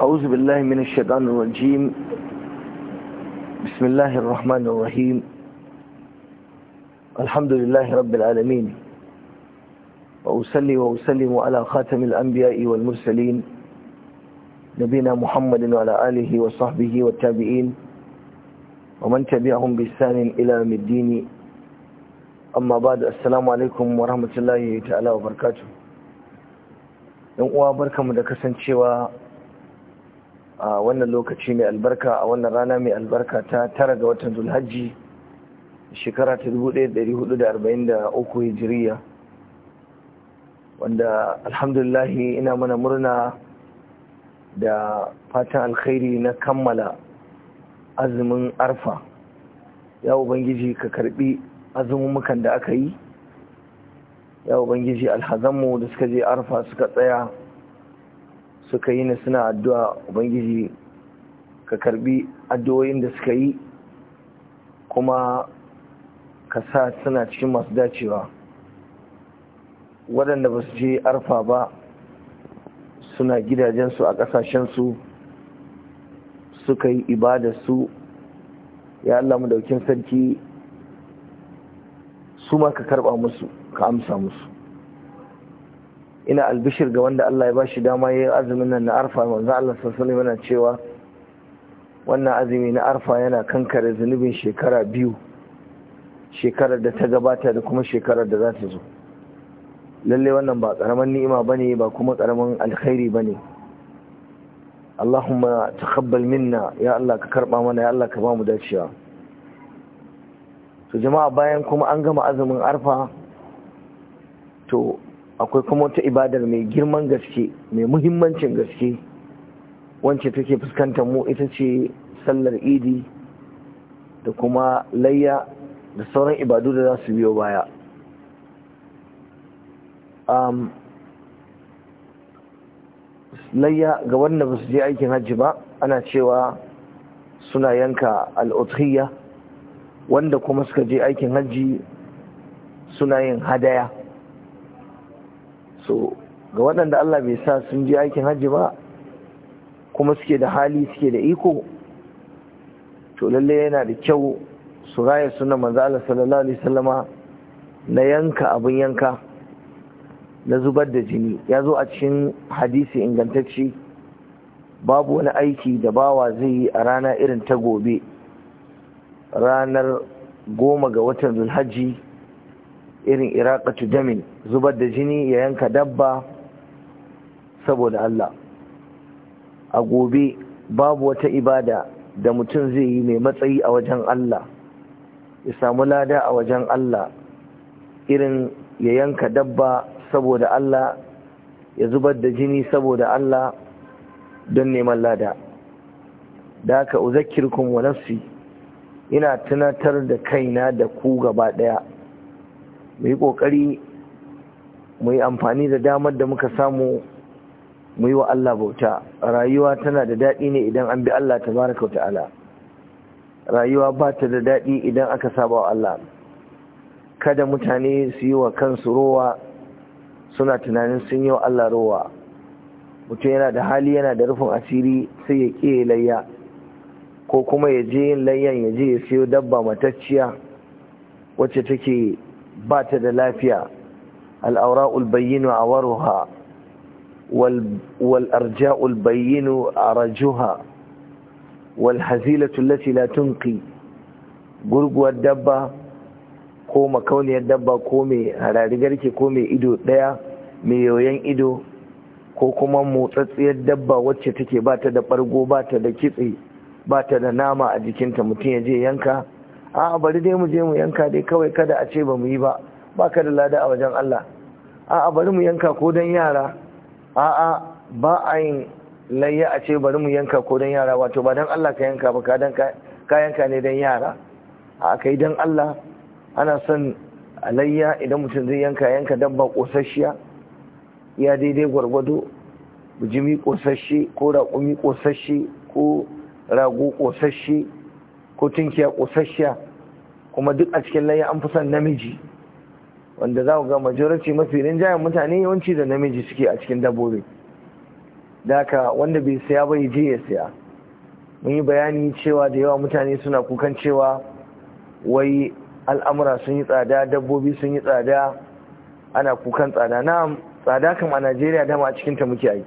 أعوذ بالله من الشيطان الرجيم بسم الله الرحمن الرحيم الحمد لله رب العالمين وأسلي وأسلم على خاتم الأنبياء والمرسلين نبينا محمد وعلى آله وصحبه والتابعين ومن تبعهم بإحسان إلى يوم الدين أما بعد السلام عليكم ورحمة الله تعالى وبركاته 'yan uwa barkamu da kasancewa a wannan lokaci mai albarka a wannan rana mai albarka ta tara ga watan zulhajji shekara ta 1443 hijiriya wanda alhamdulillah ina mana murna da fatan alkhairi na kammala azumin arfa ya ubangiji ka karbi azumumukan da aka yi ya ubangiji alhazanmu da suka je arfa suka tsaya suka yi na suna addu'a ubangiji ka karbi addu'o'in da suka yi kuma ka sa suna cikin masu dacewa waɗanda ba su je arfa ba suna gidajensu a ƙasashensu suka yi ibadarsu ya Allah mu daukin sarki su ma ka karɓa musu ka amsa musu ina albishir ga wanda Allah ya ba shi dama ya yi azumin nan na arfa manzo Allah sassani mana cewa wannan azumi na arfa yana kankare zunubin shekara biyu shekarar da ta gabata da kuma shekarar da za ta zo lalle wannan ba karaman ni'ima ba ne ba kuma karaman alkhairi ne Allahumma taqabbal minna ya Allah ka karba mana ya Allah ka ba mu dacewa to jama'a bayan kuma an gama azumin arfa to akwai kuma wata ibadar mai girman gaske mai muhimmancin gaske wance take fuskantar mu ita ce sallar idi da kuma layya da sauran ibadu da za su biyo baya layya ga wanda ba su je aikin hajji ba ana cewa suna yanka al'utriya wanda kuma suka je aikin hajji suna yin hadaya so ga waɗanda Allah bai sa sun je aikin hajji ba kuma suke da hali suke da iko to lalle yana da kyau su raya sunan manzo Allah sallallahu alaihi wasallama na yanka abin yanka na zubar da jini ya zo a cikin hadisi ingantacci. babu wani aiki da bawa zai yi a rana irin ta gobe ranar goma ga watan zulhajji irin iraqatu damin zubar da jini ya yanka dabba saboda Allah a gobe babu wata ibada da mutum zai yi mai matsayi a wajen Allah ya samu lada a wajen Allah irin ya yanka dabba saboda Allah ya zubar da jini saboda Allah don neman lada da aka uzakirkun wa nafsi ina tunatar da kaina da ku gaba daya mu yi ƙoƙari mu yi amfani da damar da muka samu mu yi wa Allah bauta rayuwa tana da daɗi ne idan an bi Allah ta tabaraka wa ta'ala rayuwa ba ta da daɗi idan aka saba wa Allah kada mutane su yi wa kansu rowa suna tunanin sun yi wa Allah rowa mutum yana da hali yana da rufin asiri sai ya ƙi layya ko kuma ya je yin layyan ya je ya siyo dabba matacciya wacce take ba ta da lafiya al'aura'ul bayyinu a waruha والأرجاء البين a rajuha. التي لا تنقي gurguwar dabba ko makauniyar dabba ko mai ke ko mai ido ɗaya mai yoyon ido ko kuma motsatsiyar dabba wacce take Ba ta da ɓargo ba ta da kitse ba ta da nama a jikinta mutum ya je yanka a bari dai mu je mu yanka dai kawai kada a ce ba mu yi ba ba ka da lada a wajen Allah a bari mu yanka ko don yara a ba a yin layya a ce bari mu yanka ko don yara wato ba don Allah ka yanka ba ka yanka ne dan yara a kai dan Allah ana son layya idan mutum zai yanka yanka dabba kosasshiya ya daidai gwargwado bijimi kosasshe ko raƙumi kosasshe ko rago kosasshe ko tunkiya kosasshiya kuma duk a cikin layi an fi son namiji wanda za ku ga majority mafi rinjayen mutane yawanci da namiji suke a cikin dabbobi da wanda bai siya ba yi je ya siya mun yi bayani cewa da yawa mutane suna kukan cewa wai al'amura sun yi tsada dabbobi sun yi tsada ana kukan tsada na tsada kam a najeriya dama a cikinta muke yi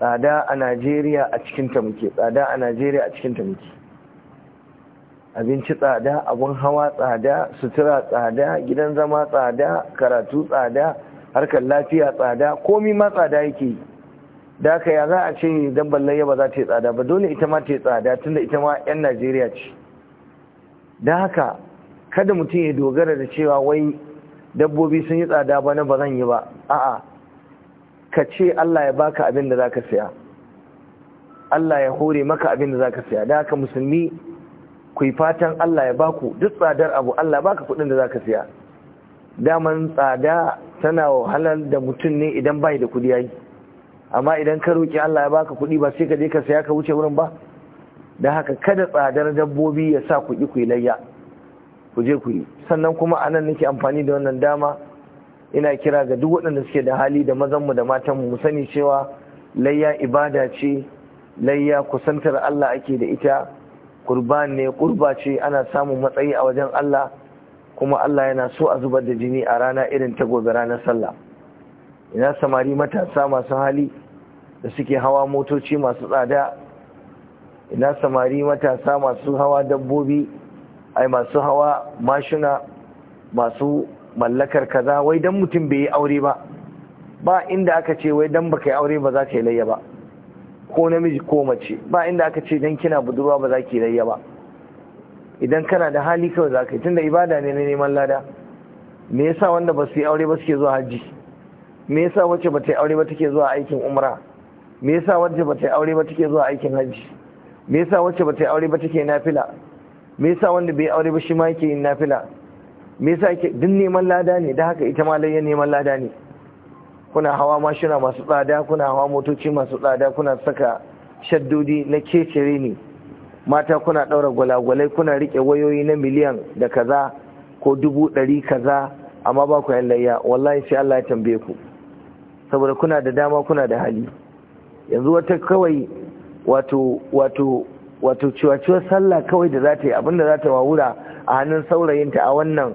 tsada a najeriya a cikinta muke tsada a najeriya a cikinta muke abinci tsada abun hawa tsada sutura tsada gidan zama tsada karatu tsada harkar lafiya tsada komi ma tsada yake yi da haka ya za a ce don ballaye ba za ta yi tsada ba dole ita ma ta yi tsada tunda ita ma 'yan najeriya ce da haka kada mutum ya dogara da cewa wai dabbobi sun yi tsada ba na ba zan yi ba a'a ka ce allah ya baka abin da za ka siya allah ya hore maka abin da za ka siya da haka musulmi ku yi fatan Allah ya baku duk tsadar abu Allah baka kuɗin da zaka siya daman tsada tana wahalar da mutum ne idan bai da kuɗi yayi amma idan ka roki Allah ya baka kuɗi ba sai ka je ka siya ka wuce wurin ba da haka kada tsadar dabbobi ya sa ku yi ku layya ku je ku yi sannan kuma anan nake amfani da wannan dama ina kira ga duk waɗanda suke da hali da mazan mu da matan mu sani cewa layya ibada ce layya kusantar Allah ake da ita kurban ne kurba ce ana samun matsayi a wajen Allah kuma Allah yana so a zubar da jini a rana irin ta gobe ranar sallah ina samari matasa masu hali da suke hawa motoci masu tsada ina samari matasa masu hawa dabbobi ai masu hawa mashina masu mallakar kaza wai dan mutum bai yi aure ba ba inda aka ce wai dan baka yi aure ba za ka yi layya ba ko namiji ko mace ba inda aka ce dan kina budurwa ba za ki rayya ba idan kana da hali kawai za ka yi tunda ibada ne na neman lada me yasa wanda ba su yi aure ba suke zuwa hajji me yasa wacce ba ta yi aure ba take zuwa aikin umra me yasa wacce ba ta yi aure ba take zuwa aikin hajji me yasa wacce ba ta yi aure ba take nafila me yasa wanda bai aure ba shi ma yake yin nafila me yasa duk neman lada ne da haka ita ma lai neman lada ne kuna hawa mashina masu tsada kuna hawa motoci masu tsada kuna saka shaddodi na kecere ne mata kuna ɗaura gwalagwalai kuna riƙe wayoyi na miliyan da kaza ko dubu ɗari kaza amma ba ku layya wallahi sai Allah ya tambaye ku saboda kuna da dama kuna da hali yanzu wata kawai wato wato wato ciwaciwar sallah kawai da za ta yi abinda za ta wawura a hannun saurayinta a wannan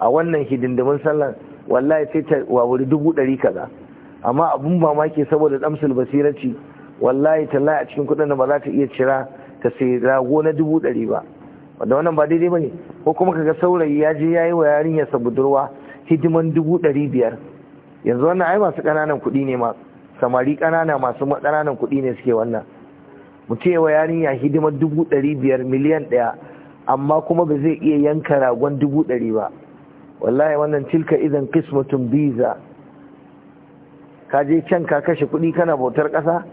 a wannan hidindimin sallah wallahi sai ta wawuri dubu ɗari kaza amma abun mamaki saboda damsul basirarci wallahi ta a cikin kuɗin da ba za ta iya cira ta sai rago na dubu ɗari ba wanda wannan ba daidai ba ne ko kuma kaga saurayi ya je ya yi wa yarinyarsa budurwa hidiman dubu ɗari biyar yanzu wannan ai masu ƙananan kuɗi ne ma samari ƙanana masu ƙananan kuɗi ne suke wannan Mu ce wa yarinya hidiman dubu ɗari biyar miliyan ɗaya amma kuma ba zai iya yanka ragon dubu ɗari ba wallahi wannan tilka idan kismatun biza ka je can ka kashe kuɗi kana bautar ƙasa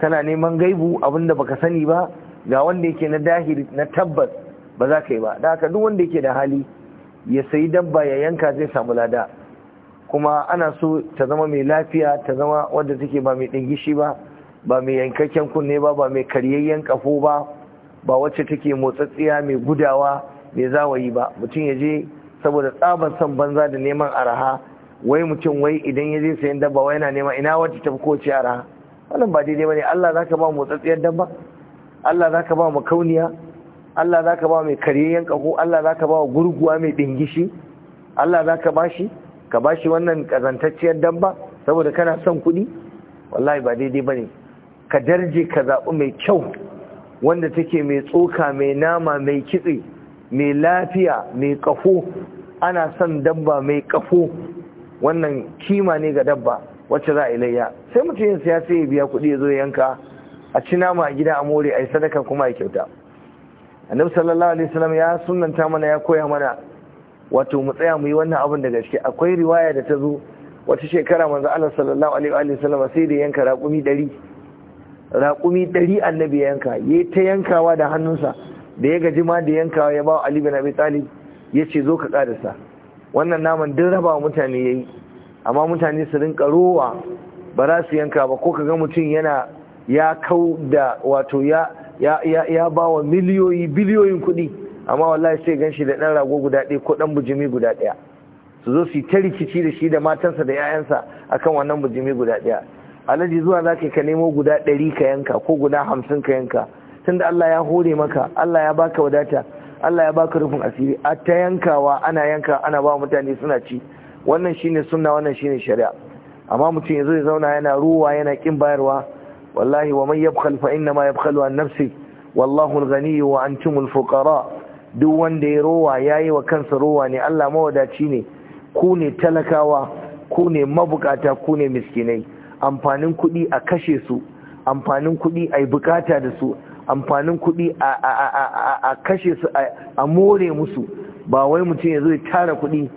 kana neman gaibu abinda baka sani ba ga wanda yake na dahiri na tabbas ba za ka yi ba da haka duk wanda yake da hali ya sayi dabba ya yanka zai samu lada kuma ana so ta zama mai lafiya ta zama wadda take ba mai dingishi ba ba mai yankakken kunne ba ba mai karyayyen kafo ba ba wacce take motsatsiya mai gudawa mai zawayi ba mutum ya je saboda tsaban son banza da neman araha wai mutum wai idan ya je sayan dabba wai yana nema ina wacce tafi ko ce araha wannan ba daidai bane Allah zaka ba tsatsiyar dabba Allah zaka ba mu kauniya Allah zaka ba mai karyayyen kaho Allah zaka ba gurguwa mai dingishi Allah zaka ba shi ka ba shi wannan kazantacciyar dabba saboda kana son kuɗi wallahi ba daidai bane ka darje ka zaɓi mai kyau wanda take mai tsoka mai nama mai kitse mai lafiya mai kafo. ana son dabba mai kafo wannan kima ne ga dabba wacce za a yi layya sai mutum yin siyasa sai ya biya kuɗi ya zo yanka a ci nama a gida a more a yi sadaka kuma a kyauta annabi sallallahu alaihi wasallam ya sunanta mana ya koya mana wato mu tsaya mu yi wannan abin da gaske akwai riwaya da ta zo wata shekara manzo Allah sallallahu alaihi wasallam sai da yanka raƙumi ɗari raqumi 100 annabi yanka yayi ta yankawa da hannunsa da ya gaji ma da yankawa ya ba Ali bin Abi Talib ya ce zo ka ƙarisa wannan naman duk raba mutane ya yi amma mutane su rinka rowa ba za su yanka ba ko ka ga mutum yana ya kau da wato ya ba wa miliyoyi biliyoyin kuɗi amma wallahi sai gan shi da ɗan rago guda ɗaya ko ɗan bujimi guda ɗaya su zo su yi ta rikici da shi da matansa da 'ya'yansa akan wannan bujimi guda ɗaya alhaji zuwa za ka nemo guda ɗari ka yanka ko guda hamsin ka yanka tunda Allah ya hore maka Allah ya baka wadata Allah ya baka rufin asiri a ta yankawa ana yanka ana ba mutane suna ci wannan shine sunna wannan shine shari'a amma mutum yanzu ya zauna yana ruwa yana kin bayarwa wallahi wa man yabkhal fa inna ma yabkhalu an nafsi wallahu al-ghani wa al fuqara duk wanda ya rowa yayi wa kansa rowa ne Allah mawadaci ne ku ne talakawa ku ne mabukata ku ne miskinai amfanin kuɗi a kashe su amfanin kuɗi a yi bukata da su amfanin kuɗi a kashe su a more musu ba wai mutum ya zo ya tara kuɗi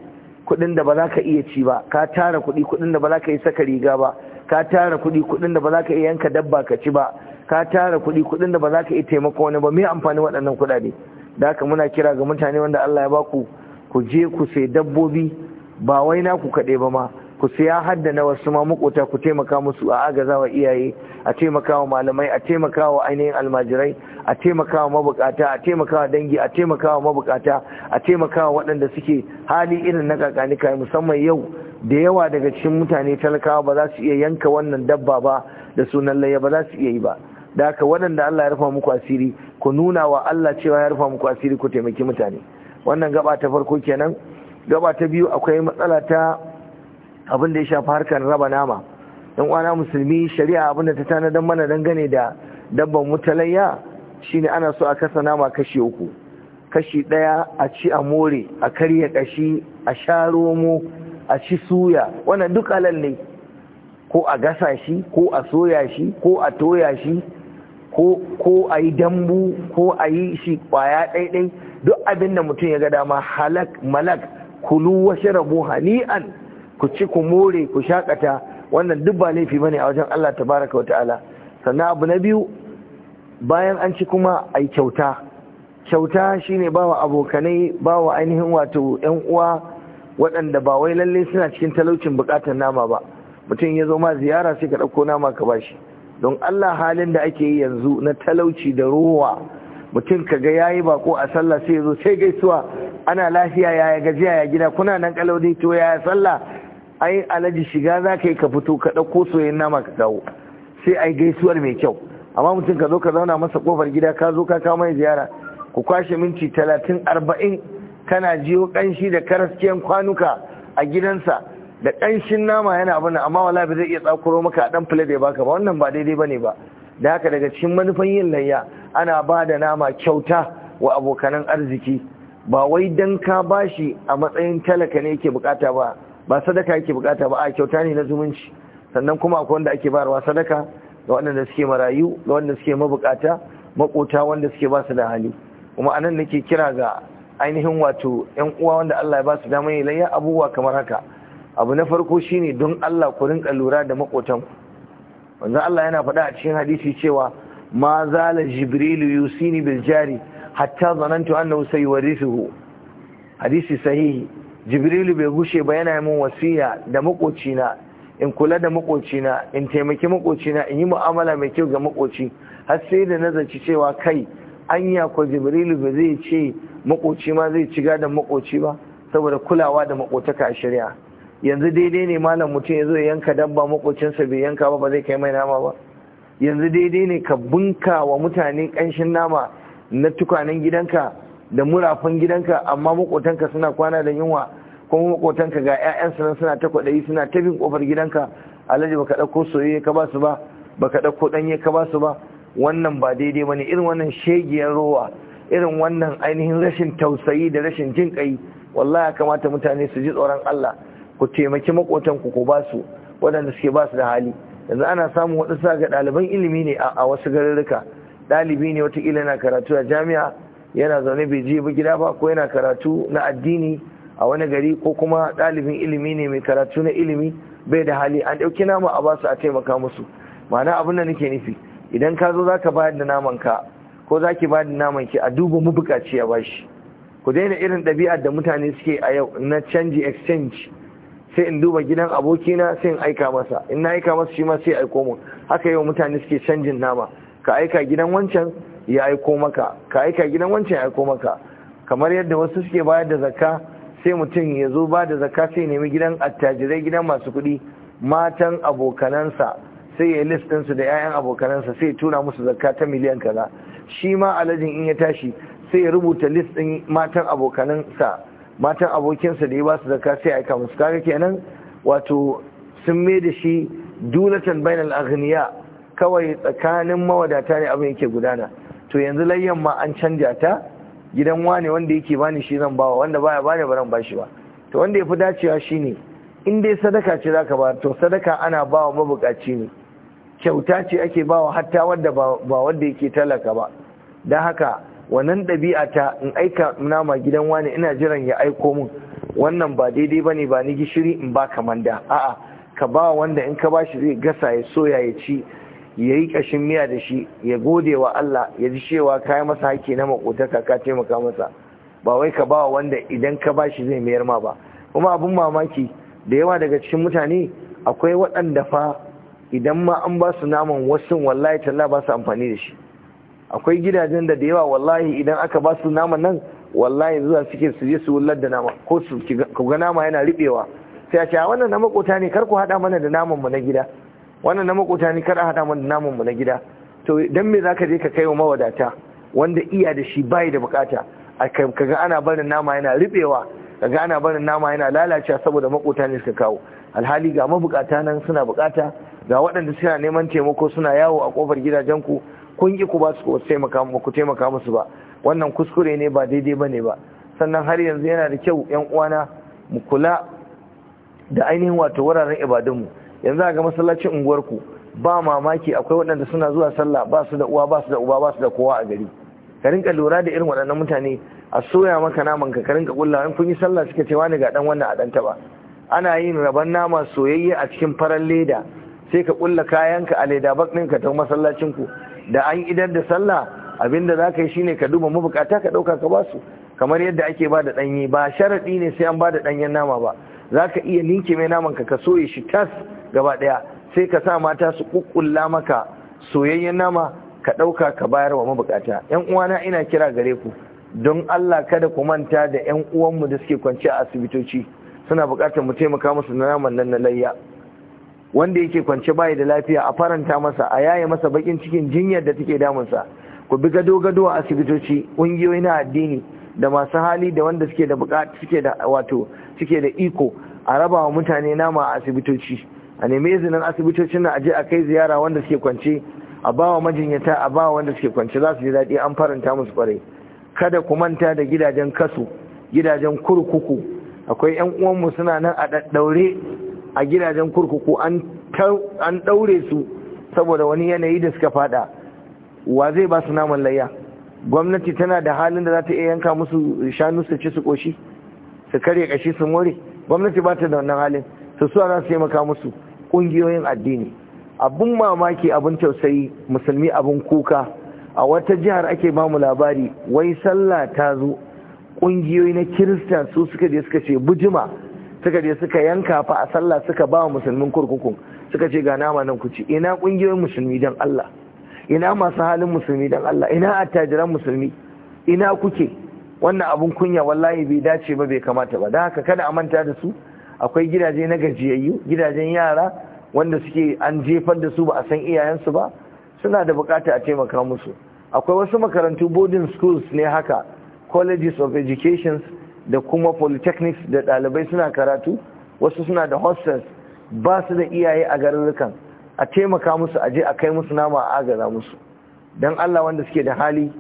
kuɗin da ba za ka iya ci ba ka tara kuɗi kuɗin da ba za ka yi saka riga ba ka tara kuɗi kuɗin da ba za ka iya yanka dabba ka ci ba ka tara kuɗi kuɗin da ba za ka iya taimako wani ba me amfani waɗannan kuɗaɗe da haka muna kira ga mutane wanda Allah ya baku ku je ku sai dabbobi ba wai naku kaɗai ba ma ku siya hadda na wasu ma makota ku taimaka musu a agazawa iyaye a taimakawa malamai a taimakawa ainihin almajirai a taimakawa mabukata a taimakawa dangi a taimakawa mabukata a taimakawa waɗanda suke hali irin na kakanika musamman yau da yawa daga cikin mutane talakawa ba za su iya yanka wannan dabba ba da sunan layya ba za su iya yi ba da haka waɗanda Allah ya rufa muku asiri ku nuna wa Allah cewa ya rufa muku asiri ku taimaki mutane wannan gaba ta farko kenan gaba ta biyu akwai matsala ta abin da ya shafi harkar raba nama yan uwana musulmi shari'a abin da ta tana don mana dangane da dabban mutalayya shine ana so a kasa nama kashi uku kashi ɗaya a ci a more a karya kashi a sha romo a ci suya wannan duk alal ne ko a gasa shi ko a soya shi ko a toya shi ko a yi dambu ko a yi shi kwaya ɗaiɗai duk abin da mutum ya ga dama halak malak kulu washe rabu hani'an ku ci ku more ku shakata wannan duk ba laifi bane a wajen Allah tabaraka wa sannan abu na biyu bayan an ci kuma ai kyauta kyauta shine bawa abokanai bawa ainihin wato yan uwa waɗanda ba wai lalle suna cikin talaucin buƙatar nama ba mutum ya zo ma ziyara sai ka ɗauko nama ka bashi don Allah halin da ake yi yanzu na talauci da ruwa mutum ka ga yayi bako a sallah sai ya zo sai gaisuwa ana lafiya yaya gajiya ya gida kuna nan kalaudi to yaya sallah ai alaji shiga za ka yi ka fito ka ɗauko soyayyen nama ka kawo sai ai gaisuwar mai kyau amma mutum ka zo ka zauna masa kofar gida ka zo ka kawo mai ziyara ku kwashe minti talatin arba'in kana jiyo ƙanshi da karaskiyan kwanuka a gidansa da ƙanshin nama yana abin amma wala ba zai iya tsakuro maka a ɗan fila da ya baka ba wannan ba daidai ba ne ba da haka daga cikin manufan yin layya ana ba da nama kyauta wa abokanan arziki ba wai don ka bashi a matsayin talaka ne yake bukata ba ba sadaka yake bukata ba a kyauta ne na zumunci sannan kuma akwai wanda ake bayarwa sadaka ga waɗanda suke marayu ga waɗanda suke mabukata makota wanda suke ba su da hali kuma anan nake kira ga ainihin wato yan uwa wanda Allah ya ba su damar layya abubuwa kamar haka abu na farko shine don Allah ku rinka lura da makotan wanzan Allah yana faɗa a cikin hadisi cewa ma zala jibril yusini bil jari hatta zanantu annahu sayuwarrithuhu hadisi sahihi jibrilu bai gushe ba yana min wasiya da makocina in kula da makocina in taimaki makocina in yi mu'amala mai kyau ga makoci har sai da nazarci cewa kai anya ko jibrilu ba zai ce makoci ma zai ci da makoci ba saboda kulawa da makotaka a shirya yanzu daidai ne malam mutum ya zo ya yanka dabba makocinsa bai yanka ba ba zai kai mai nama ba yanzu daidai ne ka bunka wa mutane kanshin nama na tukwanen gidanka da murafan gidanka amma makotanka suna kwana da yunwa kuma makotanka ga 'ya'yansu nan suna ta kwaɗayi suna ta bin ƙofar gidanka alhaji baka ɗauko soyayya ka ba su ba baka ɗauko ɗanye ka ba su ba wannan ba daidai ba ne irin wannan shegiyar rowa irin wannan ainihin rashin tausayi da rashin jin ƙai wallahi ya kamata mutane su ji tsoron Allah ku taimaki makotanku ku ba su waɗanda suke ba su da hali yanzu ana samun sa ga ɗaliban ilimi ne a wasu garuruka. ɗalibi ne watakila yana karatu a jami'a yana zaune bai je ba gida ba ko yana karatu na addini a wani gari ko kuma ɗalibin ilimi ne mai karatu na ilimi bai da hali an ɗauki nama a basu a taimaka musu mana abin da nake nufi idan ka zo zaka bayar da naman ka ko zaki bayar da naman ki a duba mabukaci ya bashi ku daina irin ɗabi'ar da mutane suke a yau na canji exchange sai in duba gidan abokina sai in aika masa in na aika masa shi ma sai aiko mun haka yau mutane suke canjin nama ka aika gidan wancan ya aiko maka ka aika gidan wancan ya aiko maka kamar yadda wasu suke bayar da zakka sai mutum ya zo ba da zaka sai nemi gidan attajirai gidan masu kuɗi matan abokanansa sai ya list ɗinsu da 'ya'yan abokanansa sai ya tura musu zakka ta miliyan kaza shi ma alajin in ya tashi sai ya rubuta list ɗin matan abokanansa matan abokinsa da ya ba su zakka sai aika musu kaga kenan wato sun mai da shi dulatan bainal aghniya kawai tsakanin mawadata ne abin yake gudana to yanzu layyan ma an canja ta gidan wane wanda yake bani shi zan bawa wanda baya bani ba ran bashi ba to wanda yafi dacewa shine in dai sadaka ce zaka ba to sadaka ana bawa mabukaci ne kyauta ce ake bawa hatta wanda ba wanda yake talaka ba dan haka wannan dabi'a ta in aika nama gidan wane ina jiran ya aiko min? wannan ba daidai bane ba ni gishiri in baka manda a'a ka bawa wanda in ka bashi zai gasa ya soya ya ci ya yi kashin miya da shi ya gode wa Allah ya ji cewa ka masa haƙƙi na makotaka ka taimaka masa ba wai ka ba wanda idan ka ba shi zai mayar ma ba kuma abin mamaki da yawa daga cikin mutane akwai waɗanda fa idan ma an ba su naman wasu wallahi talla ba su amfani da shi akwai gidajen da da yawa wallahi idan aka ba su naman nan wallahi zuwa suke su je su wullar da nama ko su ga nama yana riɓewa sai a ce wannan na makota ne kar ku haɗa mana da naman mu na gida wannan na makota ne kada hada mun namun mu na gida to dan me zaka je ka kaiwa mawadata wanda iya da shi bai da bukata kaga ana barin nama yana rubewa kaga ana barin nama yana lalacewa saboda makota ne suka kawo alhali ga mabukata nan suna bukata ga waɗanda suna neman taimako suna yawo a kofar gidajen ku kun yi ku ba su taimaka ku taimaka musu ba wannan kuskure ne ba daidai bane ba sannan har yanzu yana da kyau yan uwana mu kula da ainihin wato wuraren ibadunmu yanzu ga masallacin unguwarku ba mamaki akwai waɗanda suna zuwa sallah ba su da uwa ba su da uba ba su da kowa a gari ka rinka lura da irin waɗannan mutane a soya maka naman ka ka rinka kulla in kun yi sallah suka ce wani ga dan wannan a dan taba ana yin rabon nama soyayye a cikin farar leda sai ka kulla kayanka a leda bak ɗinka ta masallacin ku da an idar da sallah abinda za ka yi shine ka duba mabukata ka ɗauka ka basu kamar yadda ake ba da ɗanye ba sharaɗi ne sai an ba da ɗanyen nama ba za iya ninke mai naman ka ka soye shi tas gaba daya sai ka sa mata su kukkulla maka soyayyen nama ka dauka ka bayar wa mabukata yan uwana ina kira gare ku don Allah kada ku manta da yan uwanmu da suke kwance a asibitoci suna bukatar mu taimaka musu na naman nan na layya wanda yake kwance bai da lafiya a faranta masa a yaye masa bakin cikin jinyar da take damunsa ku bi gado gado a asibitoci ƙungiyoyi na addini da masu hali da wanda suke da suke da wato suke da iko a raba wa mutane nama a asibitoci a neme izinin asibitocin na aje a kai ziyara wanda suke kwance a bawa majinyata a bawa wanda suke kwance za su ji daɗi an faranta musu kwarai kada ku manta da gidajen kasu gidajen kurkuku akwai yan uwanmu suna nan a daddaure a gidajen kurkuku an ɗaure su saboda wani yanayi da suka fada wa zai ba su naman layya gwamnati tana da halin da za ta iya yanka musu shanu su ci su koshi su karya kashi su more gwamnati ba ta da wannan halin su suwa za su yi maka musu ƙungiyoyin addini abun mamaki abun tausayi musulmi abun kuka a wata jihar ake bamu labari wai sallah ta zo ƙungiyoyi na kiristan su suka je suka ce bujima suka je suka yanka fa a sallah suka ba musulmin kurkukun suka ce ga nama nan kuci ina ƙungiyoyin musulmi don Allah ina masu halin musulmi dan Allah ina attajiran musulmi ina kuke wannan abun kunya wallahi bai dace ba bai kamata ba Dan haka kada a manta da su akwai gidaje na gajiyayyu gidajen yara wanda suke an jefar da su ba a san iyayensu ba suna da bukata a taimaka musu akwai wasu makarantu boarding schools ne haka colleges of education da kuma polytechnics da ɗalibai suna karatu wasu suna da hostels ba su da iyaye a garurrukan a taimaka musu a je a kai musu nama a agaza musu don allah wanda suke da hali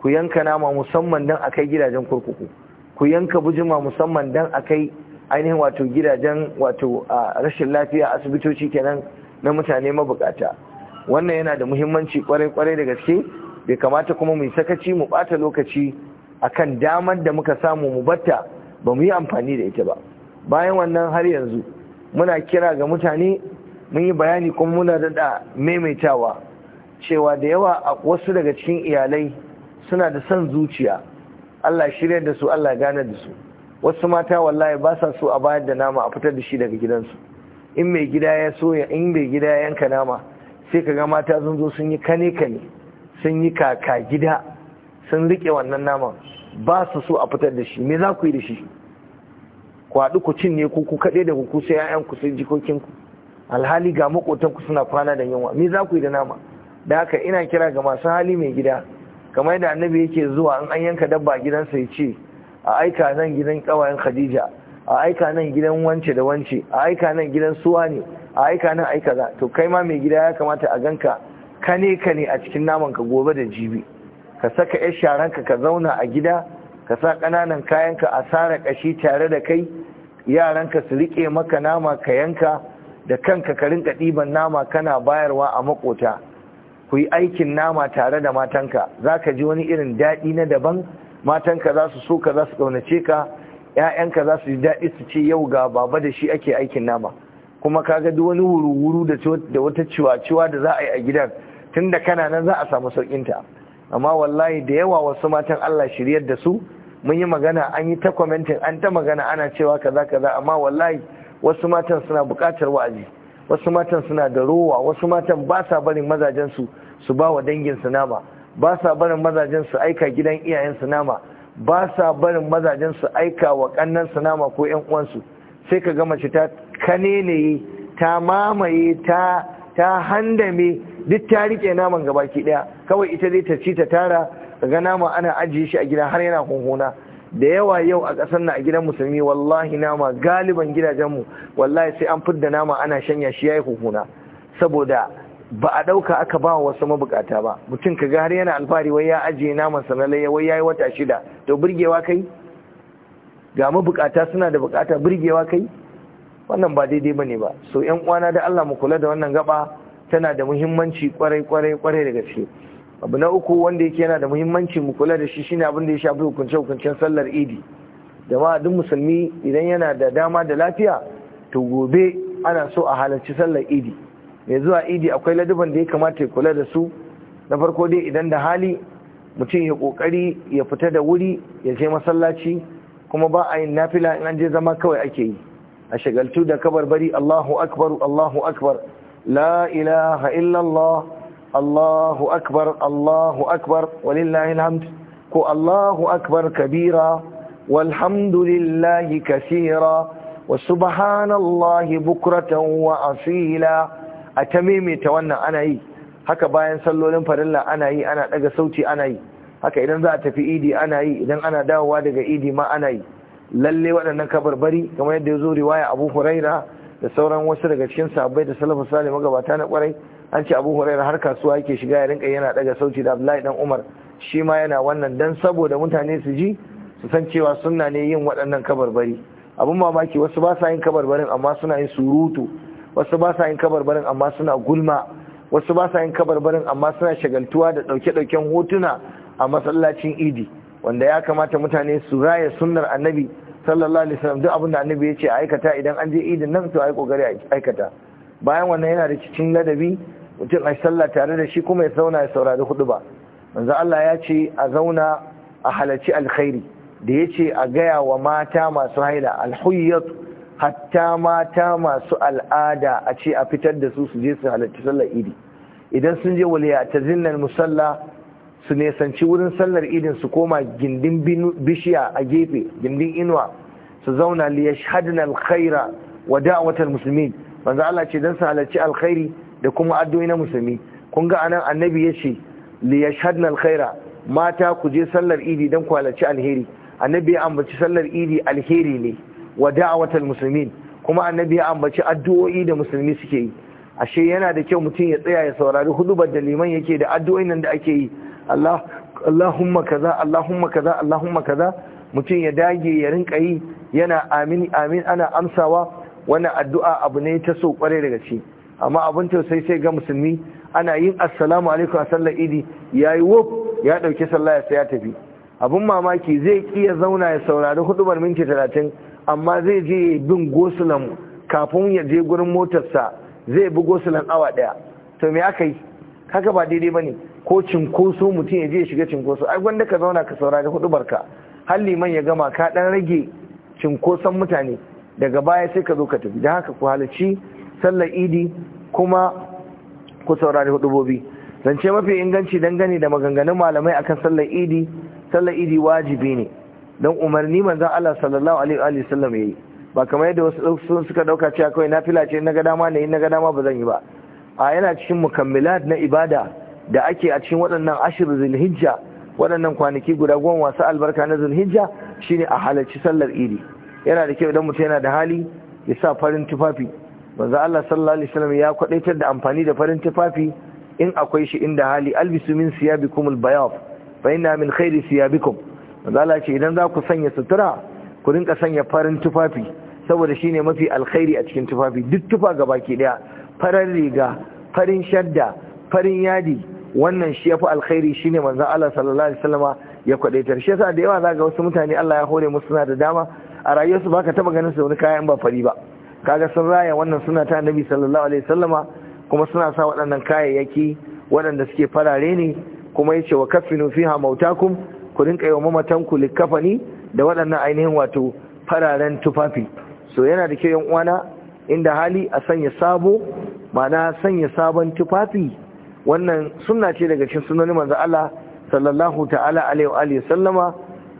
ku yanka nama musamman don a kai gidajen kurkuku ku yanka bujima musamman don a kai ainihin wato gidajen wato a rashin lafiya asibitoci kenan na mutane mabukata wannan yana da muhimmanci kwarai-kwarai da gaske bai kamata kuma mu sakaci mu bata lokaci akan damar da muka samu mu batta ba mu yi amfani da ita ba bayan wannan har yanzu muna kira ga mutane mun yi bayani kuma muna dada maimaitawa cewa da yawa a wasu daga cikin iyalai suna da son zuciya Allah shirya da su Allah gane da su wasu mata wallahi ba sa so a bayar da nama a fitar da shi daga gidansu in mai gida ya soya in mai gida ya yanka nama sai kaga mata sun zo sun yi kane kane sun yi kaka gida sun rike wannan nama ba su so a fitar da shi me za ku yi da shi ku haɗu ku cinye ku ku kaɗai da ku sai 'ya'yanku sai jikokinku alhali ga ku suna kwana da yunwa me za ku yi da nama da haka ina kira ga masu hali mai gida kamar yadda annabi yake zuwa in an yanka dabba gidansa ya ce a aika nan gidan kawayen khadija a aika nan gidan wance da wance a aika nan gidan suwa ne a aika nan aika za to kai ma mai gida ya kamata a ganka kane kane a cikin naman ka gobe da jibi ka saka yar sharanka ka zauna a gida ka sa ƙananan ka a sara kashi tare da kai yaranka su rike maka nama ka yanka da kanka ka rinka ɗiban nama kana bayarwa a makota ku yi aikin nama tare da matanka za ka ji wani irin daɗi na daban matanka za su so ka za su ƙaunace ka ‘ya'yanka za su ji daɗi su ce yau ga baba da shi ake aikin nama kuma kaga duk wani wuru-wuru da wata ciwa-ciwa da za a yi a gidan tun da kana nan za a samu sauƙinta amma wallahi da yawa wasu matan Allah shiryar da su mun yi magana an yi ta kwamentin an ta magana ana cewa kaza kaza amma wallahi wasu matan suna buƙatar wa'azi wasu matan suna da rowa wasu matan ba sa barin mazajen su su ba wa dangin su nama ba sa barin mazajen su aika gidan iyayensu nama ba sa barin mazajen su aika wa su nama ko 'yan uwansu sai ka ga mace ta kanene ta mamaye ta ta handame duk ta rike naman gabaki daya kawai ita dai ta ci ta tara ga nama ana ajiye shi a gida har yana hunhuna da yawa yau a ƙasar na a gidan musulmi wallahi nama galiban gidajenmu wallahi sai an fidda nama ana shanya shi yayi hunhuna saboda ba a ɗauka aka ba wasu mabukata ba mutum ka har yana alfahari wai ya ajiye naman sanalai wai ya yi wata shida to burgewa kai ga mabukata suna da bukata burgewa kai wannan ba daidai ba ne ba so yan uwana da Allah mu kula da wannan gaba tana da muhimmanci kwarai kwarai kwarai da gaske abu na uku wanda yake yana da muhimmanci mu kula da shi shine abin da ya shafi hukunce hukuncen sallar idi Da ma duk musulmi idan yana da dama da lafiya to gobe ana so a halarci sallar idi mai zuwa idi akwai ladubban da ya kamata ya kula da su na farko dai idan da hali mutum ya kokari ya fita da wuri ya je masallaci kuma ba a yin nafila in an je zama kawai ake yi a shagaltu da kabarbari Allahu akbar Allahu akbar la ilaha illallah Allahu akbar Allahu akbar walillahi alhamd ko Allahu akbar kabira walhamdulillahi kasira wa subhanallahi bukratan wa asila a ta maimaita wannan ana yi haka bayan sallolin farilla ana yi ana daga sauti ana yi haka idan za a tafi idi ana yi idan ana dawowa daga idi ma ana yi lalle waɗannan kabarbari kamar yadda ya zo riwaya abu huraira da sauran wasu daga cikin sabai da salafu salim magabata na kwarai an ce abu huraira har kasuwa yake shiga ya rinka yana daga sauti da abdullahi dan umar shi ma yana wannan dan saboda mutane su ji su san cewa suna ne yin waɗannan kabarbari Abin mamaki wasu ba sa yin kabarbarin amma suna yin surutu wasu ba sa yin kabarbarin amma suna gulma wasu ba sa yin kabarbarin amma suna shagaltuwa da ɗauke-ɗauken hotuna a masallacin idi wanda ya kamata mutane su raya sunnar annabi sallallahu alaihi wasallam duk abin da annabi ya ce a aikata idan an je idin nan to ai kokari a aikata bayan wannan yana da cikin ladabi mutum a sallah tare da shi kuma ya zauna ya saurari hudu ba manzo Allah ya ce a zauna a halarci alkhairi da ya ce a gaya wa mata masu haila alhuyyat hatta mata masu al'ada a ce a fitar da su su je su halarci sallar idi idan sun je waliya ta zinnar musalla su nesanci wurin sallar idin su koma gindin bishiya a gefe gindin inuwa su zauna li hadin alkhaira wa da'watal musulmi manzo Allah ce dan su halarci alkhairi da kuma addu'o'i na musulmi kun ga anan annabi ya ce li hadin alkhaira mata ku je sallar idi dan ku halarci alheri annabi ya ambaci sallar idi alheri ne wa watan muslimin kuma annabi ya ambaci addu'o'i da musulmi suke yi ashe yana da kyau mutum ya tsaya ya saurari hudubar da liman yake da addu'o'in nan da ake yi Allah Allahumma kaza Allahumma kaza Allahumma kaza mutum ya dage ya rinka yi yana amin amin ana amsawa wannan addu'a abu ne ta so kware daga ci amma abin tausayi sai ga musulmi ana yin assalamu alaikum a sallar idi yayi wuf ya dauki sallah ya sai ya tafi abun mamaki zai kiya zauna ya saurari hudubar minti talatin amma zai je bin gosulan kafin ya je gurin motarsa zai bi gosulan awa daya to me aka yi haka ba daidai ba ne. ko cinkoso mutum ya je ya shiga cinkoso ai gwanda ka zauna ka saurari hudu barka har liman ya gama ka dan rage cinkoson mutane daga baya sai ka zo ka tafi da haka ku halarci sallar idi kuma ku saurari hudubobi zance mafi inganci dangane da maganganun malamai akan sallar idi sallar idi wajibi ne don umarni manzon Allah sallallahu alaihi wa sallam yayi ba kamar yadda wasu suka dauka cewa kawai nafila ce na ga dama ne na ga dama ba zan yi ba a yana cikin mukammilat na ibada da ake a cikin waɗannan ashir zulhijja waɗannan kwanaki guda goma wasu albarka na zulhijja shine a halarci sallar idi yana da kyau idan mutum yana da hali ya sa farin tufafi manzo Allah sallallahu alaihi sallam ya kwadaitar da amfani da farin tufafi in akwai shi inda hali albisu min siyabikum bayad fa inna min khairi siyabikum zala ce idan za ku sanya sutura ku rinka sanya farin tufafi saboda shine mafi alkhairi a cikin tufafi duk tufa ga baki daya farar riga farin shadda farin yadi wannan shi ya fi alkhairi shine manzan Allah sallallahu alaihi wasallama ya kwadaitar shi yasa da yawa za ga wasu mutane Allah ya hore musu suna da dama a rayuwarsu baka taba ganin su wani kayan ba fari ba kaga sun raya wannan suna ta annabi sallallahu alaihi wasallama kuma suna sa waɗannan kayayyaki waɗanda suke farare ne kuma ya ce wa kafinu fiha mautakum ku rinka yi wa mamatan ku likafani da waɗannan ainihin wato fararen tufafi so yana da kyau yan uwana inda hali a sanya sabo mana sanya sabon tufafi wannan suna ce daga cikin sunnoni manzo Allah sallallahu ta'ala alaihi wa sallama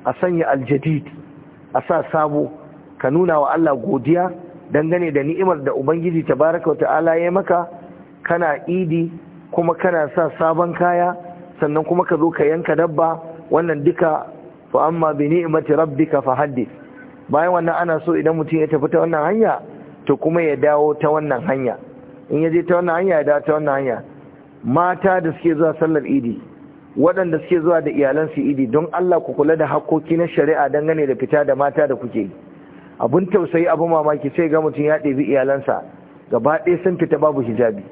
a sanya aljadid a sa sabo ka nuna wa Allah godiya dangane da ni'imar da ubangiji tabaraka wa ta'ala ya maka kana idi kuma kana sa sabon kaya sannan kuma ka zo ka yanka dabba wannan duka fa amma bi ni'mati rabbika fahaddith bayan wannan ana so idan mutum ya tafi ta wannan hanya to kuma ya dawo ta wannan hanya in ya je ta wannan hanya ya dawo ta wannan hanya mata da suke zuwa sallar idi waɗanda suke zuwa da iyalan iyalansu idi don Allah ku kula da hakkoki na shari'a dangane da fita da mata da kuke abun tausayi abun mamaki sai ga mutum ya ɗebi iyalansa gaba ɗaya sun fita babu hijabi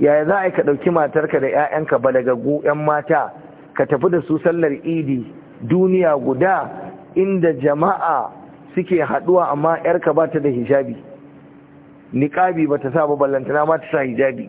yaya za a yi ka ɗauki matarka da 'ya'yanka balagaggu 'yan mata ka tafi da su sallar idi duniya guda inda jama'a suke haduwa amma yarka ba ta da hijabi niqabi ba ta sa ba ballantana ma ta sa hijabi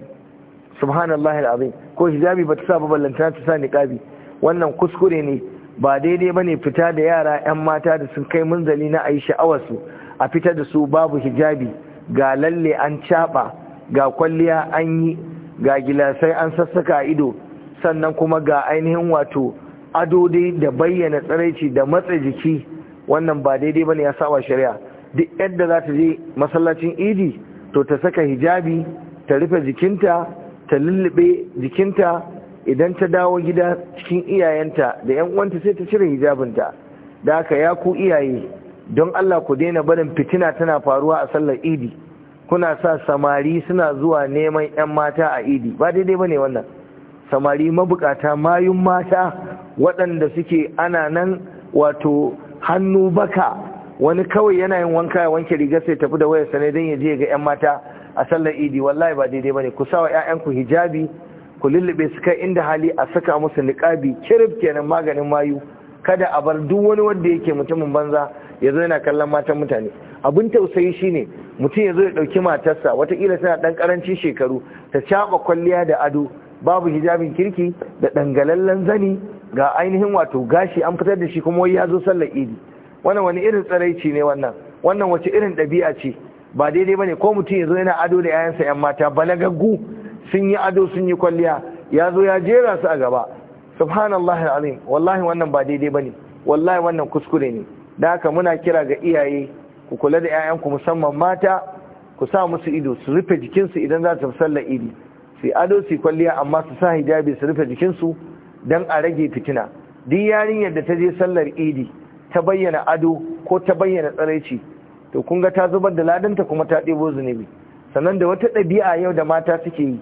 subhanallahi alazim ko hijabi ba ta sa ba ballantana ta sa niqabi wannan kuskure ne ba daidai bane fita da yara yan mata da sun kai munzali na Aisha awasu a fita da su babu hijabi ga lalle an chaba ga kwalliya an yi ga gilasai an sassaka ido sannan kuma ga ainihin wato ado dai da bayyana tsaraici da matsa jiki wannan ba daidai bane ya saba shari'a duk yadda za ta je masallacin idi to ta saka hijabi ta rufe jikinta ta lullube jikinta idan ta dawo gida cikin iyayenta da yan uwanta sai ta cire hijabinta da haka ya ku iyaye don Allah ku daina barin fitina tana faruwa a sallar idi kuna sa samari suna zuwa neman yan mata a idi ba daidai bane wannan samari mabukata mayun mata waɗanda suke ana nan wato hannu baka wani kawai yana yin wanka ya wanke rigar sai tafi da wayarsa sanai don ya je ga 'yan mata a sallar idi wallahi ba daidai bane ku sawa ƴaƴanku hijabi ku lullube su kai inda hali a saka musu niƙabi kirib kenan maganin mayu kada a bar duk wani wanda yake mutumin banza ya zo yana kallon matan mutane abin tausayi shine mutum ya zo ya ɗauki matarsa watakila tana ɗan ƙarancin shekaru ta caɓa kwalliya da ado babu hijabin kirki da dangalallen zani ga ainihin wato gashi an fitar da shi kuma wai ya zo sallar idi wannan wani irin tsaraici ne wannan wannan wace irin ɗabi'a ce ba daidai bane ko mutum ya zo yana ado da 'ya'yansa 'yan mata balagaggu sun yi ado sun yi kwalliya ya zo ya jera su a gaba subhanallahi alazim wallahi wannan ba daidai bane wallahi wannan kuskure ne da haka muna kira ga iyaye ku kula da 'ya'yanku musamman mata ku sa musu ido su rufe jikinsu idan za su sallar idi Sai ado su kwalliya amma su sa hijabi su rufe jikinsu don a rage fitina duk yarinyar da ta je sallar idi ta bayyana ado ko ta bayyana tsaraici to kun ga ta zubar da ladanta kuma ta ɗebo zunubi sannan da wata ɗabi'a yau da mata suke yi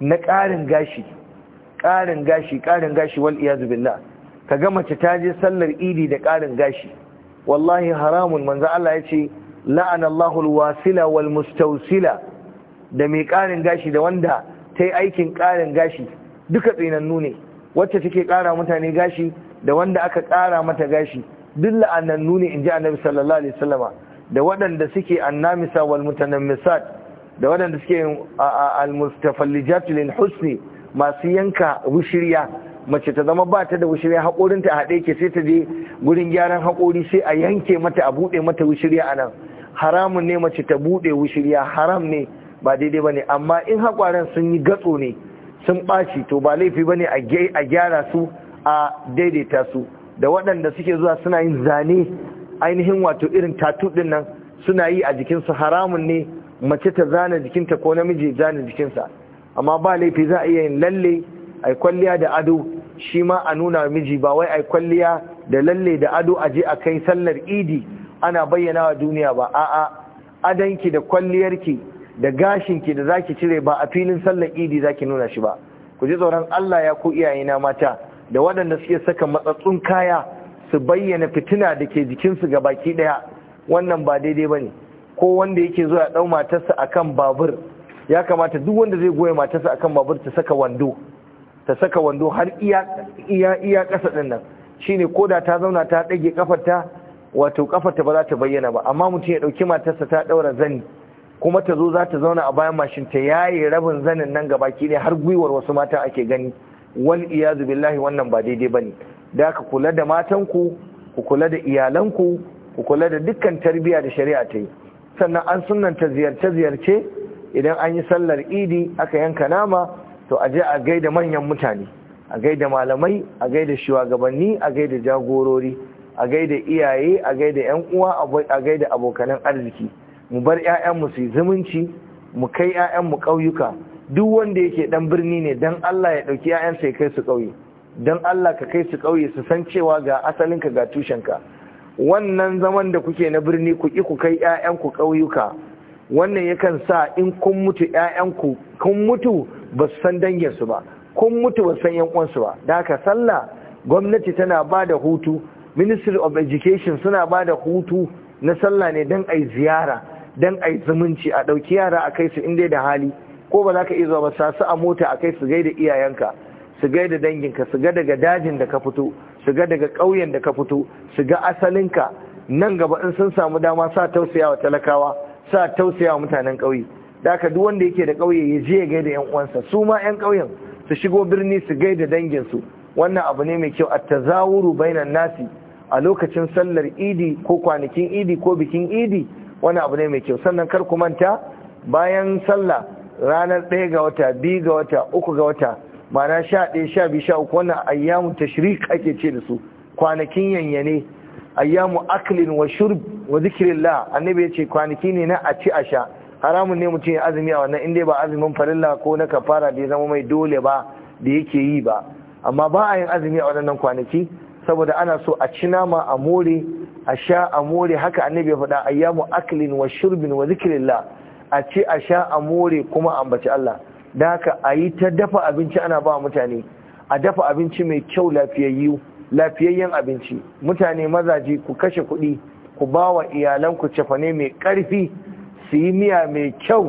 na ƙarin gashi ƙarin gashi ƙarin gashi wal iyazu billah ka ga mace ta je sallar idi da ƙarin gashi wallahi haramun manzo Allah ya ce la'anallahu alwasila wal da mai ƙarin gashi da wanda ta yi aikin ƙarin gashi duka tsinannu ne wacce take ƙara mutane gashi da wanda aka ƙara mata gashi duk la'anannu ne in ji annabi sallallahu alaihi wasallama da waɗanda suke annamisa wal mutanammisat da waɗanda suke al-mustafallijat lil husni masu yanka wushirya mace ta zama ba ta da wushirya haƙorinta a haɗe ke sai ta je gurin gyaran haƙori sai a yanke mata a buɗe mata wushirya a nan haramun ne mace ta buɗe wushirya haram ne ba daidai ba ne amma in haƙwaren sun yi gatso ne sun ɓaci to ba laifi ba ne a gyara su a daidaita su da waɗanda suke zuwa suna yin zane ainihin wato irin tatu nan suna yi a jikinsu haramun ne mace ta zana jikinta ko namiji zana jikinsa amma ba laifi za a iya yin lalle a kwalliya da ado shi ma a nuna miji ba wai a kwalliya da lalle da ado a je a kai sallar idi ana bayyana wa duniya ba a'a adanki da kwalliyarki da gashin ki da zaki cire ba a filin sallar idi zaki nuna shi ba ku ji tsoron Allah ya ku iyayena mata da waɗanda suke saka matsatsun kaya su bayyana fitina da ke jikinsu ga baki daya wannan ba daidai ba ko wanda yake zuwa ɗau matarsa akan babur ya kamata duk wanda zai goya matarsa akan babur ta saka wando ta saka wando har iya iya kasa ɗin nan shine koda ta zauna ta ɗage kafarta wato kafarta ba za ta bayyana ba amma mutum ya ɗauki matarsa ta ɗaura zani kuma ta zo za ta zauna a bayan mashin ta yaye rabin zanin nan gaba ki ne har gwiwar wasu mata ake gani wal iyazu billahi wannan ba daidai bane da ka kula da matanku ku kula da iyalanku ku kula da dukkan tarbiyya da shari'a ta yi sannan an sunanta ziyarce ziyarce idan an yi sallar idi aka yanka nama to a je a gaida manyan mutane a gaida malamai a gaida shugabanni a gaida jagorori a gaida iyaye a gaida yan uwa a gaida abokanan arziki mu bar 'ya'yanmu su zumunci mu kai 'ya'yanmu ƙauyuka duk wanda yake ɗan birni ne dan Allah ya ɗauki 'ya'yansa ya kai su ƙauye dan Allah ka kai su ƙauye su san cewa ga asalinka ga tushenka wannan zaman da kuke na birni ku ku kai 'ya'yanku ƙauyuka wannan yakan sa in kun mutu 'ya'yanku kun mutu ba su san danginsu ba kun mutu ba su san yankunsu ba da haka sallah gwamnati tana ba da hutu ministry of education suna ba da hutu na sallah ne don a ziyara don a yi zumunci a ɗauki yara a kai su inda da hali ko ba za ka iya zuwa ba sa su a mota a kai su gaida iyayenka su gaida danginka su ga daga dajin da ka fito su ga daga ƙauyen da ka fito su ga asalinka nan gaba in sun samu dama sa tausayawa talakawa sa tausayawa mutanen ƙauye da ka duk wanda yake da ƙauye ya je ya da yan uwansa su ma yan ƙauyen su shigo birni su gaida danginsu wannan abu ne mai kyau a tazawuru bainan nasi a lokacin sallar idi ko kwanakin idi ko bikin idi wani abu ne mai kyau sannan kar ku manta bayan sallah ranar ɗaya ga wata biyu ga wata uku ga wata mana sha ɗaya sha biyu sha uku wannan ayyamu tashrik ake ce da su kwanakin yanyane ayyamu aklin wa shurb wa zikrillah annabi ya ce kwanaki ne na a ci a sha haramun ne mutum ya azumi a wannan inda ba azumin farilla ko na kafara da ya zama mai dole ba da yake yi ba amma ba a yin azumi a wannan kwanaki saboda ana so a ci nama a more a sha a more haka annabi ya faɗa ayyamu aklin wa shurbin wa zikrillah a ce a sha a more kuma a ambaci Allah da haka a yi ta dafa abinci ana ba mutane a dafa abinci mai kyau lafiyayyu lafiyayyen abinci mutane mazaje ku kashe kuɗi ku ba wa ku cefane mai ƙarfi su yi miya mai kyau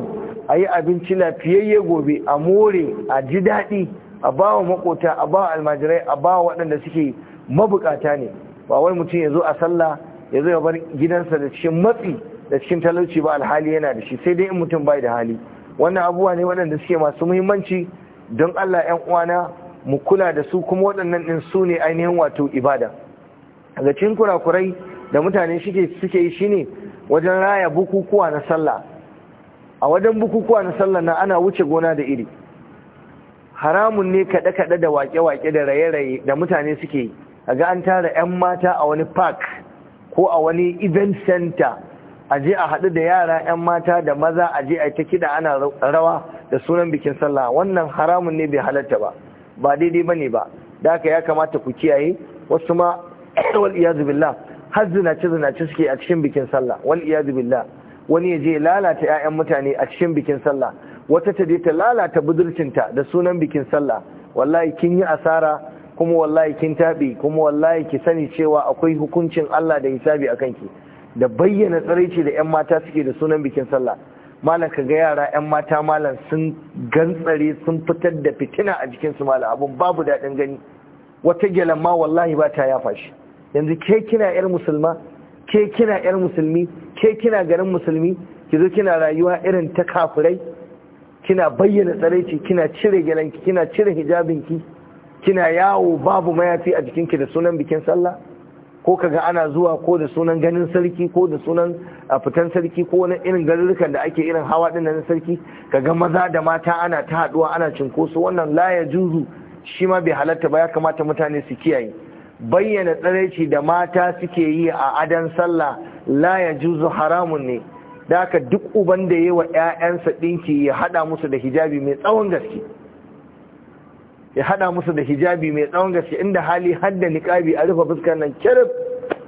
a yi abinci lafiyayye gobe a more a ji daɗi a ba wa makota a ba wa almajirai a ba wa waɗanda suke mabukata ne ba wai mutum ya zo a sallah ya zo ya bar gidansa da cikin matsi da cikin talauci ba alhali yana da shi sai dai in mutum bai da hali wannan abubuwa ne waɗanda suke masu muhimmanci don Allah ‘yan uwana mu kula da su kuma waɗannan ɗin su ne ainihin wato ibada daga cikin kurakurai da mutane suke yi shine wajen raya bukukuwa na sallah a wajen bukukuwa na sallah na ana wuce gona da iri haramun ne kaɗe-kaɗe da waƙe-waƙe da raye-raye da mutane suke yi ga an tara 'yan mata a wani park ko a wani event center a je a haɗu da yara 'yan mata da maza a je a ta kiɗa ana rawa da sunan bikin sallah wannan haramun ne bai halatta ba ba daidai ba ne ba da haka ya kamata ku kiyaye wasu ma wal iyazu billah har zinace zinace suke a cikin bikin sallah wal iyazu billah wani ya je lalata 'ya'yan mutane a cikin bikin sallah wata ta je ta lalata budurcinta da sunan bikin sallah wallahi kin yi asara kuma wallahi kin tabi kuma wallahi ki sani cewa akwai hukuncin Allah da hisabi a kanki da bayyana tsaraici da ƴan mata suke da sunan bikin sallah malam ka ga yara ƴan mata malam sun gantsare sun fitar da fitina a jikin su malam abun babu daɗin gani wata gelan ma wallahi ba ta yafa shi yanzu ke kina ƴar musulma ke kina ƴar musulmi ke kina garin musulmi ki zo kina rayuwa irin ta kafurai? kina bayyana tsareci kina cire gyalanki kina cire hijabinki kina yawo babu mayafi a jikinki da sunan bikin sallah ko kaga ana zuwa ko da sunan ganin sarki ko da sunan fitan sarki ko wani irin garurrukan da ake irin hawa din nan sarki kaga maza da mata ana ta haduwa ana cinkoso wannan la ya juzu shi ma bai halatta ba ya kamata mutane su kiyaye bayyana tsaraici da mata suke yi a adan sallah la ya juzu haramun ne da haka duk uban da yi wa 'ya'yansa ɗinki ya haɗa musu da hijabi mai tsawon gaske ya hada musu da hijabi mai tsawon gaske inda hali har da a rufe fuskar nan kirif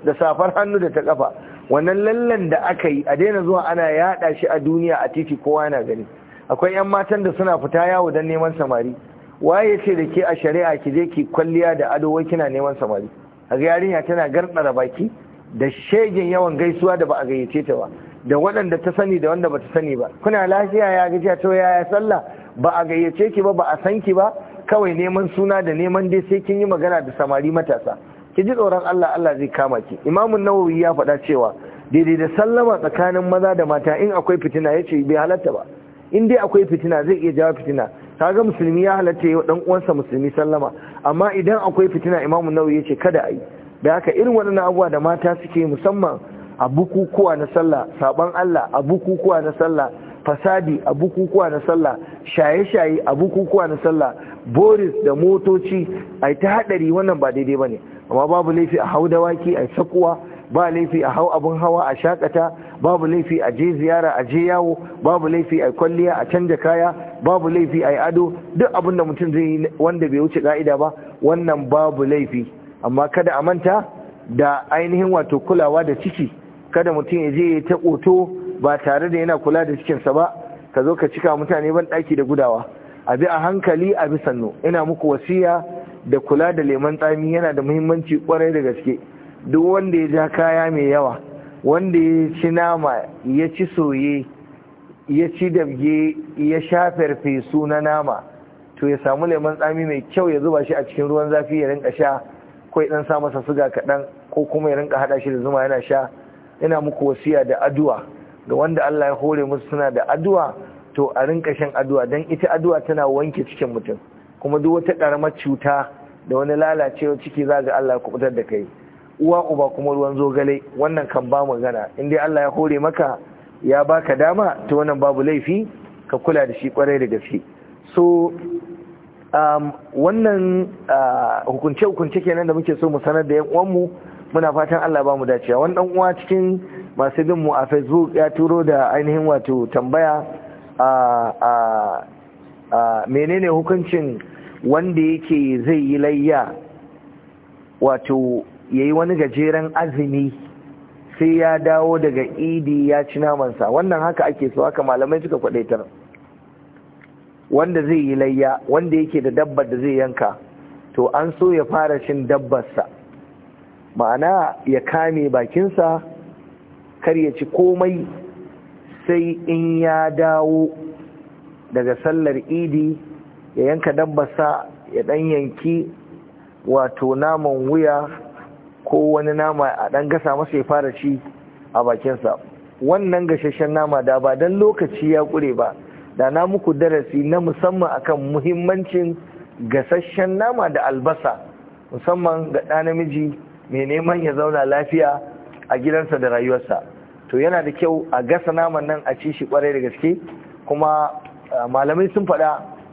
da safar hannu da ta kafa wannan lallan da aka yi a daina zuwa ana yaɗa shi a duniya a titi kowa na gani akwai yan matan da suna fita yawo don neman samari waye ce da ke a shari'a ki je ki kwalliya da ado wai kina neman samari a yarinya tana gardara baki da shegen yawan gaisuwa da ba a gayyace ta ba da waɗanda ta sani da wanda ba ta sani ba kuna lafiya ya gajiya to yaya sallah ba a gayyace ki ba ba a san ki ba kawai neman suna da neman dai sai kin yi magana da samari matasa ki ji tsoron Allah Allah zai kama ki imamun nawawi ya faɗa cewa daidai da sallama tsakanin maza da mata in akwai fitina ya ce bai halatta ba in dai akwai fitina zai iya jawo fitina kaga musulmi ya halatta yau dan uwansa musulmi sallama amma idan akwai fitina imamun nawawi ya ce kada a yi da haka irin waɗannan abubuwa da mata suke musamman a bukukuwa na sallah saban Allah a bukukuwa na sallah fasadi a bukukuwa na sallah shaye-shaye a bukukuwa na sallah boris da motoci a ta hadari wannan ba daidai ba ne amma babu laifi a hau dawaki a sakuwa ba laifi a hau abin hawa a shakata babu laifi a je ziyara a je yawo babu laifi a kwalliya a canja kaya babu laifi a yi ado duk abin da mutum zai yi wanda bai wuce ƙa'ida ba wannan babu laifi amma kada a manta da ainihin wato kulawa da ciki kada mutum ya je ya ta ƙoto ba tare da yana kula da cikinsa ba ka zo ka cika mutane ban ɗaki da gudawa a bi a hankali a bi sannu ina muku wasiya da kula da leman tsami yana da muhimmanci kwarai da gaske duk wanda ya ja kaya mai yawa wanda ya ci nama ya ci soye ya ci dabge ya sha farfesu na nama to ya samu lemon tsami mai kyau ya zuba shi a cikin ruwan zafi ya rinka sha ko ya dan sa masa suga kaɗan ko kuma ya rinka haɗa shi da zuma yana sha ina muku wasiya da addu'a ga wanda Allah ya hore musu suna da addu'a to a rinka shan addu'a dan ita addu'a tana wanke cikin mutum kuma duk wata karamar cuta da wani lalacewa ciki za ga Allah ya kubutar da kai uwa uba kuma ruwan zogale wannan kan ba magana in dai Allah ya hore maka ya baka dama to wannan babu laifi ka kula da shi kwarai da gaske so um, wannan uh, hukunce-hukunce kenan da muke so mu sanar da yan uwanmu muna fatan Allah ba mu dacewa wani dan uwa cikin masu bin mu a facebook ya turo da ainihin wato tambaya a menene hukuncin wanda yake zai yi layya wato ya yi wani gajeren azumi sai ya dawo daga idi ya ci namansa wannan haka ake so haka malamai suka kwadaitar wanda zai yi layya wanda yake da dabbar da zai yanka to an so ya fara cin dabbarsa ma'ana ya kame bakinsa kar ci komai sai in ya dawo daga sallar idi ya yanka dabbasa ya dan yanki wato naman wuya ko wani nama a dan gasa masa ya fara ci a bakinsa wannan gashashen nama da ba dan lokaci ya kure ba da na muku darasi na musamman akan muhimmancin gasashen nama da albasa musamman ga ɗa namiji mai neman ya zauna lafiya a gidansa da rayuwarsa to yana da kyau a gasa naman nan a ci shi kwarai da gaske kuma eh, malamai sun faɗa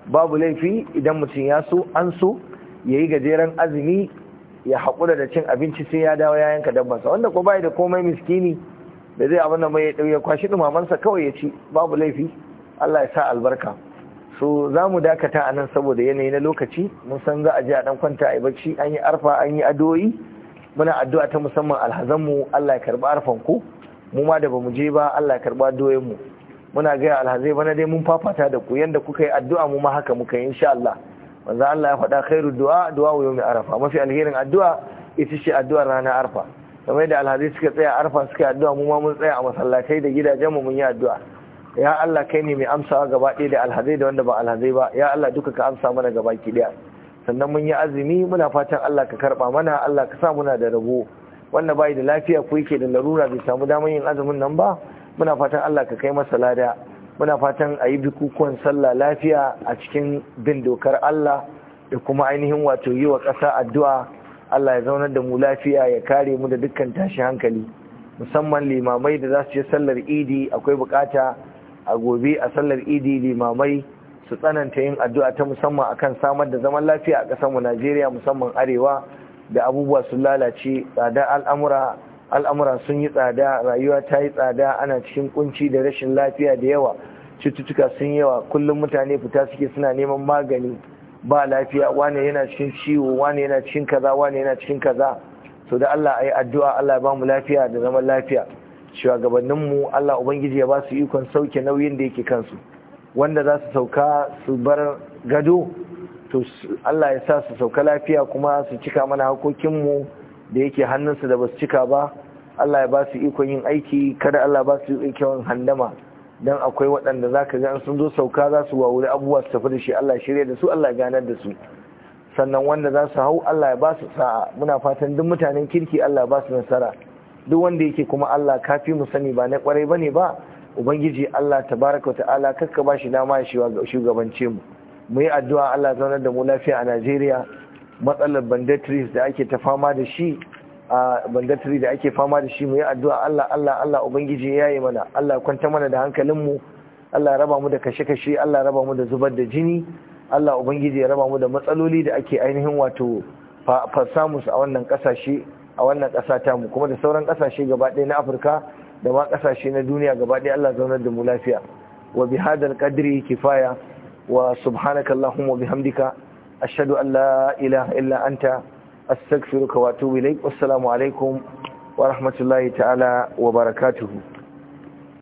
babu laifi idan mutum ya so an so ya yi gajeren azumi ya haƙura da cin abinci sai ya dawo ya yanka dabbansa wanda ko bai da komai miskini da zai abin da mai ya kwashi dumamansa kawai ya ci babu laifi Allah ya sa albarka so za mu dakata a nan saboda yanayi na lokaci mun san za a je a dan kwanta a yi bacci an yi arfa an yi adoyi muna addu'a ta musamman alhazanmu Allah ya karɓi arfan ku mu ma da bamu je ba Allah karba doyen mu muna gaya alhazai bana dai mun fafata da ku yanda kuka yi addu'a mu ma haka muka yi insha Allah manzo Allah ya faɗa khairu du'a du'a yawmi arafa mafi alherin addu'a ita ce addu'ar rana arfa kamar da alhazai suka tsaya arfa suka addu'a mu ma mun tsaya a masallatai da gidajen mu mun yi addu'a ya Allah kai ne mai amsawa gaba ɗaya da alhazai da wanda ba alhazai ba ya Allah duka ka amsa mana gaba ki daya sannan mun yi azumi muna fatan Allah ka karba mana Allah ka sa muna da rabo wanda bai da lafiya ko yake da larura bai samu damar yin azumin nan ba muna fatan Allah ka kai masa lada muna fatan a yi bukukuwan sallah lafiya a cikin bin dokar Allah da kuma ainihin wato yi wa ƙasa addu'a Allah ya zaunar da mu lafiya ya kare mu da dukkan tashi hankali musamman limamai da za su je sallar idi akwai bukata a gobe a sallar idi limamai su tsananta yin addu'a ta musamman akan samar da zaman lafiya a mu Najeriya musamman arewa da abubuwa sun lalace tsada al'amura al'amura sun yi tsada rayuwa ta yi tsada ana cikin kunci da rashin lafiya da yawa cututtuka sun yawa kullum mutane fita suke suna neman magani ba lafiya wane yana cikin ciwo wane yana cikin kaza wane yana cikin kaza so da Allah ayi addu'a Allah ba mu lafiya da zaman lafiya gabanin mu Allah ubangiji ya ba su ikon sauke nauyin da yake kansu wanda za su sauka su bar gado to Allah ya sa su sauka lafiya kuma su cika mana hakokinmu da yake hannunsu da ba su cika ba Allah ya ba su ikon yin aiki kada Allah ba su yi ikon handama Don akwai waɗanda za ka ga sun zo sauka za su wawuri abubuwa su tafi da shi Allah shirya da su Allah ya ganar da su sannan wanda za su hau Allah ya ba su sa'a muna fatan duk mutanen kirki Allah ba su nasara duk wanda yake kuma Allah kafi mu sani ba na kwarai ne ba ubangiji Allah ta tabaraka wa ta'ala kakka ba shi dama ya shugabance mu mu yi addu'a Allah zaunar da mu lafiya a Najeriya matsalar banditries da ake ta fama da shi a da ake fama da shi mu yi addu'a Allah Allah Allah ubangiji ya yi mana Allah kwanta mana da hankalin mu Allah raba mu da kashe-kashe Allah raba mu da zubar da jini Allah ubangiji ya raba mu da matsaloli da ake ainihin wato fasamus a wannan kasashe a wannan kasa ta mu kuma da sauran kasashe gaba ɗaya na Afirka da ma ƙasashe na duniya gaba ɗaya Allah zaunar da mu lafiya wa hadal qadri kifaya wa subhanaka allahumma bihamdika ashhadu an la ilaha illa anta astaghfiruka wa atubu ilaik wassalamu alaikum wa rahmatullahi ta'ala wa barakatuhu